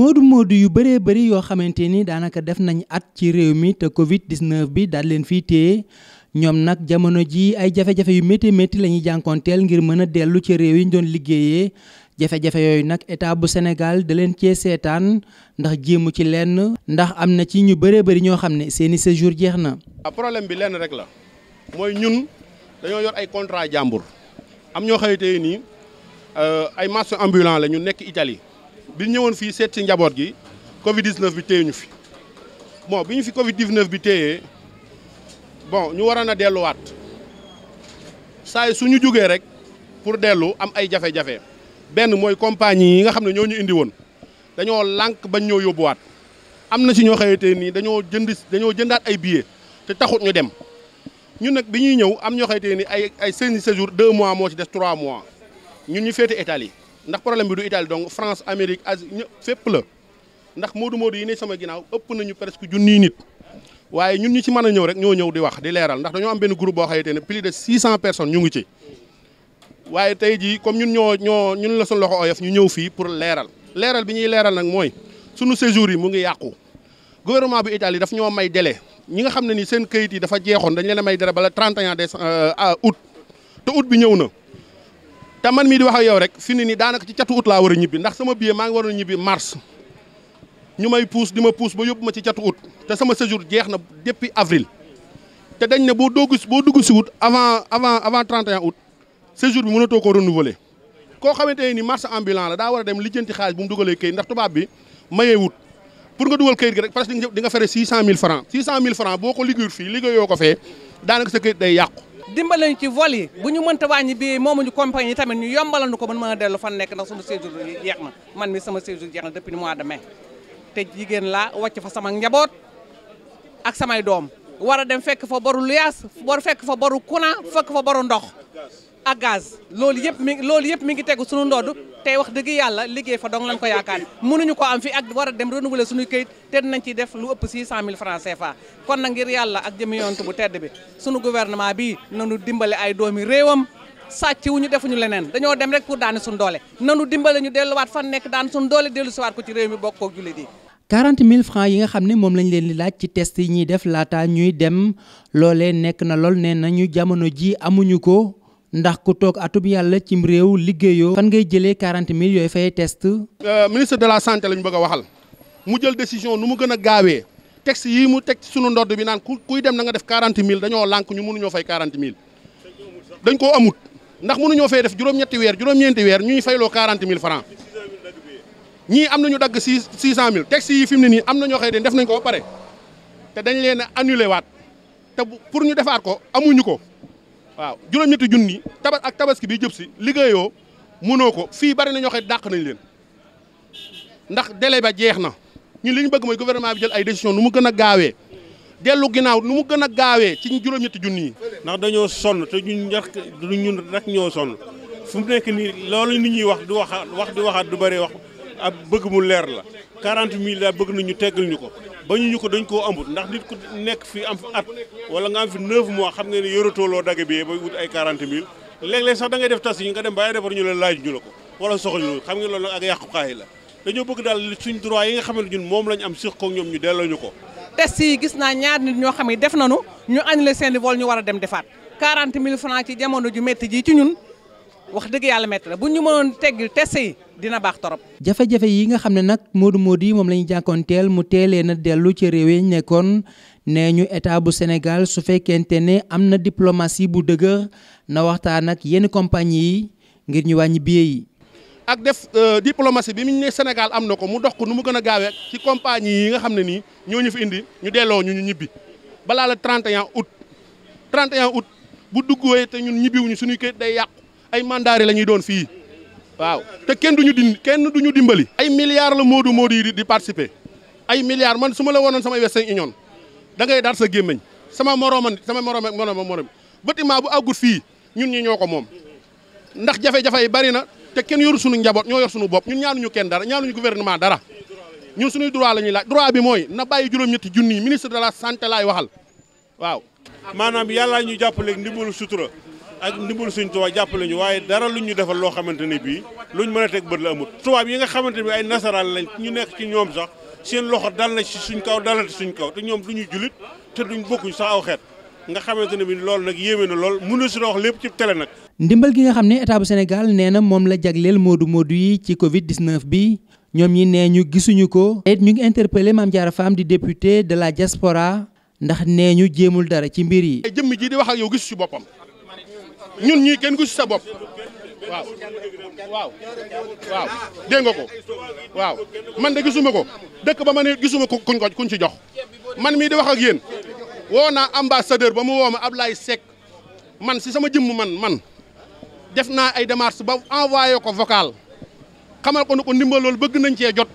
moodu-moodu yu bëree bëri yoo xamante ni daanaka def nañ at ci réew mi te Covid 19 bi daal leen fii téye ñoom nag jamono ji ay jafe-jafe yu métti métti la ñuy jànkoonteel ngir mën a dellu ci réew yi ñu doon liggéeyee jafe-jafe yooyu nag état bu senegal da leen cee seetaan ndax jéemu ci lenn. ndax am na ci ñu bëree bëri ñoo xam ne seeni séjour jeex na. Ah, problème bi lenn rek la mooy ñun dañoo yor ay contrat jàmbur am ñoo xamante nii euh, ay marchands ambulants la ñu nekk Italie. bi ñëwoon fii seet ci njaboot gi Covid 19 bi téye ñu fi moo bi ñu fi Covid 19 bi téyee bon ñu waroon a delluwaat saa yi su ñu jógee rek pour dellu am ay jafe-jafe benn mooy compagnie yi nga xam ne ñoo ñu indi woon dañoo lank bañ ñoo yóbbuwaat am na ci ñoo xamante nii dañoo jënd dañoo jëndaat ay billets te taxut ñu dem ñun nag bi ñuy ñëw am ñoo xamante ni ay ay seen séjour deux mois moo ci des trois mois ñun ñu féete Italie ndax problème bi du Italie donc France Amérique Asie ñëpp fépp la ndax moodu Modou yi ne sama ginnaaw ëpp nañu presque junniy nit waaye ñun ñu ci mën a ñëw rek ñoo ñëw di wax di leeral ndax dañoo am benn groupe boo xamante ne plus de 600 personnes ñu ngi ci waaye tey jii comme ñun ñoo ñoo ñun la suñu loxo oyof ñu ñëw fii pour leeral leeral bi ñuy leeral nag mooy sunu séjour yi mu ngi yàqu gouvernement bu Italie daf ñoo may dele ñi nga xam ne ni seen këyit yi dafa jeexoon dañ leen a may délai bala 31 décembre euh, août te août bi ñëw na te man mii di wax ak yow rek fi ni nii daanaka ci catu ut laa war a ñibbi ndax sama billet maa ngi waroon a ñibbi mars ñu may puus di ma puus ba yóbbu ma ci catu ut te sama séjour jeex na depuis avril te dañ ne boo dugg boo dugg si août avant avant avant 31 août séjour bi mënatoo koo renouveler koo xamante ne ni marché ambulant la daa war a dem lijjanti xaalis bu mu dugalee këyit ndax tubaab bi mayee wut pour nga dugal këyit gi rek parce que di nga fere 600000 francs dimbalañ ci vol bu ñu mënta wàññi bi moomuñu compagnie yi tamit ñu yombala nu ko mën ma a dellu fan nekk ndax sama séjour jeex na man mi sama séjour jeex na depuis mois de mai te jigéen laa wàcc fa sama njaboot ak samay doom war a dem fekk fa baru luyaas bor fekk fa boru kuna fekk fa baru ndox ak gaz loolu yëpp mi loolu yëpp mi ngi tegu suñu ndodd tey wax dëgg yàlla liggéey fa dong lañ ko yaakaar mënuñu ko am fi ak war a dem renouveler suñuy këyit te dinañ ciy def lu ëpp 600 000 francs CFA kon na ngir yàlla ak jëmi yontu bu tedd bi suñu gouvernement bi nanu dimbale ay doomi réewam sàcc wu ñu defuñu leneen dañoo dem rek pour daani suñu doole nanu dimbale ñu delluwaat fan nekk daan suñu doole dellu siwaat ko ci réew mi bokk kook jullit yi nga xam ne moom lañ leen di laaj ci test yi ñuy def laata ñuy dem loolee nekk na lool nee nañu jamono ji amuñu ko ndax ku toog atub yàlla cim réew liggéeyoo fan ngay jëlee quarante mille yooyu fay test. Euh, ministre de la santé lañ bëgg a waxal mu jël décision nu mu gën a gaawee texte yii mu teg ci sunu ndodd bi naan kuy dem na nga def quarante mille dañoo lànk ñu mënuñoo fay quarante mille dañ koo amut ndax mënuñoo fay def juróom-ñetti weer juróom-ñeenti weer ñuy fayloo quarante mille franc ñii am nañu dagg six six cent mille texte yii fi mu ne nii am na ñoo xëy de def nañ ko ba pare te dañ leen a annulé waat te pour ñu defaat ko amuñu ko. waaw juróom-ñetti junni tabas ak tabaski bi jëb si liggéeyoo munoo ko fii bari na ñoo xëy dàq nañ leen ndax délai ba jeex na ñu li ñu bëgg mooy gouvernement bi jël ay décision nu mu gën a gaawee dellu ginnaaw nu mu gën a gaawee ci ñu juróom-ñetti junni yi. ndax dañoo sonn te ñun rek ñun rek ñoo sonn fu mu nekk nii loolu nit ñuy wax wax wax di waxaat du bëri wax ab bëgg mu leer la 40 000 la bëgg nu nañu teggal ñu ko. bañu ñu ko dañ koo amut ndax nit ku nekk fii am at wala nga am fi 9 mois xam nga ne yoratooloo dagg bi bay wut ay 40 mille léeg-léeg sax da ngay def tas yi nga dem bàyyi defar ñu la laaj ñu la ko wala soxla ñu loolu nag ak yàqukaay la dañoo bëgg daal suñ droit yi nga xam ne ñun moom lañ am siq koog ñoom ñu delloo ko test yi gis naa ñaar nit ñoo xam ne def na nañu ñu annulé seen i ñu war a dem defaat 40 mille francs ci jamono ju métti ji ci ñun wax dëgg yàlla métti la bu ñu mënoon teggil test yi dina baax torop jafe-jafe yi nga xam ne nag moodu-moodu yi moom la ñu teel mu teelee na dellu ci réew yi nekkoon nee ñu état bu Sénégal su fekkente ne am na diplomatie bu dëgër na waxtaan ak yenn compagnie yi ngir ñu wàññi billet yi. ak def euh, diplomatie bi mu ne Sénégal am na ko mu dox ko nu mu gën a gaawee ci compagnie yi nga xam ne nii ñoo ñu fi indi ñu delloo ñu ñu ñibbi balaa la 31 août 31 août ay mandaari la ñuy doon fii waaw te kenn duñu din kenn duñu dimbali ay milliards la moodu moodu yi di participer ay milliards man suma la woonoon sama Western Union da dangay daal sa gémmañ sama morooman sama moroom ak moroom moroom bâtiment bu àggut fii ñun ñi ñoo ko moom ndax jafe-jafe yi bari na te kenn yoru suñu njaboot ñoo yor suñu bopp ñun ñaanuñu kenn dara ñaanuñu gouvernement dara ñun suñuy droit la ñuy laaj droit bi mooy na bàyyi juróom-ñetti junni yi ministre de la santé laay waxal waaw maanaam yàllaa ñu jàppaleeg ndimbalu sutura ak ndimbal suñ tubaab jàppale ñu waaye dara lu ñu defal loo xamante ne bii luñ mën a teg bët la amut tubaab yi nga xamante ne bi ay nasaraan lañ ñu nekk ci ñoom sax seen loxo dal na ci suñ kaw dalati suñ kaw te ñoom ñu julit te duñ bokkuñ sax aw xeet nga xamante ne bi loolu nag yéeme na lool munu si wax lépp ci télé nag. ndimbal gi nga xam ne état bu Sénégal nee na moom la jagleel moodu moodu yi ci Covid 19 bi ñoom ñi nee ñu gisuñu ko. et ñu ngi interpellé Mame Diarra Fam di député de la diaspora ndax nee ñu jéemul dara ci mbir yi. jëmm ji di wax ak yow gis ci boppam ñun ñii kenn gisu sa bopp waaw waaw nga ko waaw man de gisuma ko dëkk ba ma ne gisuma ko kuñ ko kuñ ci jox man mii di wax ak yéen woo naa ambassadeur ba mu woo ma Ablaye sek man si sama jëmm man man def naa ay démarches ba envoyé ko vocal xamal ko ne ko ndimbal loolu bëgg nañ cee jot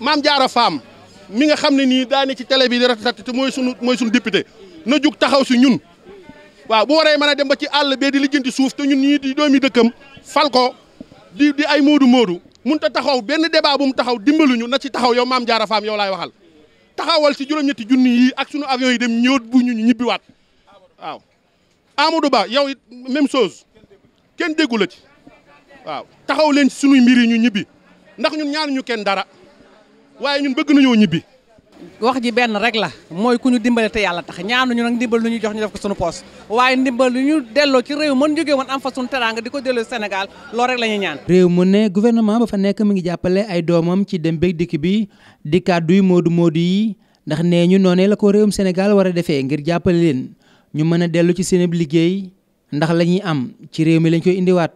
maam jaaro faam mi nga xam ne nii daa ne ci télé bi di ratatati mooy sunu mooy sunu député na jug taxaw si ñun waaw bu waree mën a dem ba ci àll bee di lijjanti suuf te ñun ñii di doomi dëkkam fal ko di di ay moodu moodu mun ta taxaw benn débat bu mu taxaw dimbaluñu na ci taxaw yow maam jaara faam yow laay waxal taxawal si juróom-ñetti junni yi ak sunu avion dem ñëwat bu ñu ñibbiwaat waaw Amadou Ba yow it même chose kenn déggu la ci waaw taxaw leen sunuy mbir yi ñu ñibbi ndax ñun ñaanuñu kenn dara waaye ñun bëgg nañoo ñibbi wax ji benn rek la mooy ku ñu dimbale te yàlla tax ñaanuñu nag ndimbal lu ñu jox ñu def ko suñu poos waaye ndimbal lu ñu delloo ci réew mën jógee woon am fa suñu teraanga di ko delloo Sénégal loo rek la ñuy ñaan réew mu ne gouvernement ba fa nekk mi ngi jàppale ay doomam ci dem béeg dikk bi di kàdduy moodu moodu yi ndax nee ñu noonee la ko réewum Sénégal war a defee ngir jàppale leen ñu mën a dellu ci seen liggéey ndax lañuy am ci réew mi lañ koy indiwaat